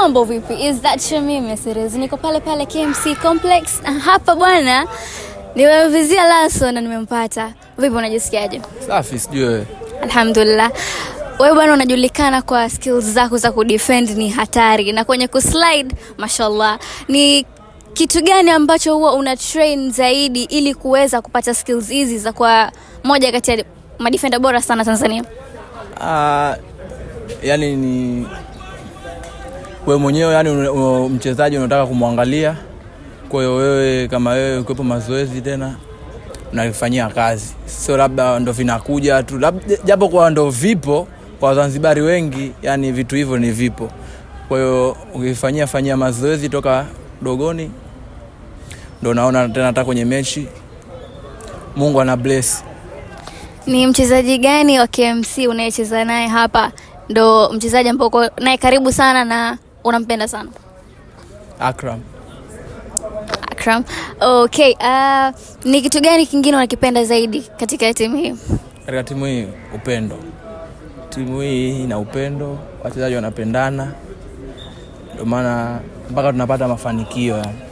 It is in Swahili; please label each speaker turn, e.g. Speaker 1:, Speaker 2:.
Speaker 1: Mambo vipi? Is that Shamim series? Niko pale pale KMC Complex na hapa bwana nimemvizia Laso na nimempata. Vipi unajisikiaje?
Speaker 2: Safi, sijui wewe.
Speaker 1: Alhamdulillah. Wewe bwana unajulikana kwa skills zako za kudefend ni hatari na kwenye kuslide mashallah. Ni kitu gani ambacho huwa una train zaidi ili kuweza kupata skills hizi za kwa moja kati ya madefender bora sana Tanzania?
Speaker 2: Ah, uh, yani ni wewe mwenyewe yani mchezaji unataka kumwangalia. Kwa hiyo wewe kama wewe ukiwepo mazoezi tena unafanyia kazi, sio labda ndo vinakuja tu, japo kwa ndo vipo kwa Wazanzibari wengi, yani vitu hivyo ni vipo. Kwa hiyo ukifanyia fanyia mazoezi toka dogoni, ndo naona tena hata kwenye mechi Mungu ana bless.
Speaker 1: Ni mchezaji gani wa KMC unayecheza naye hapa ndo mchezaji ambao naye karibu sana na unampenda sana Akram? Akram. Okay, uh, ni kitu gani kingine unakipenda zaidi katika timu hii?
Speaker 2: Katika timu hii upendo. Timu hii ina upendo, wachezaji wanapendana, ndio maana mpaka tunapata mafanikio yani.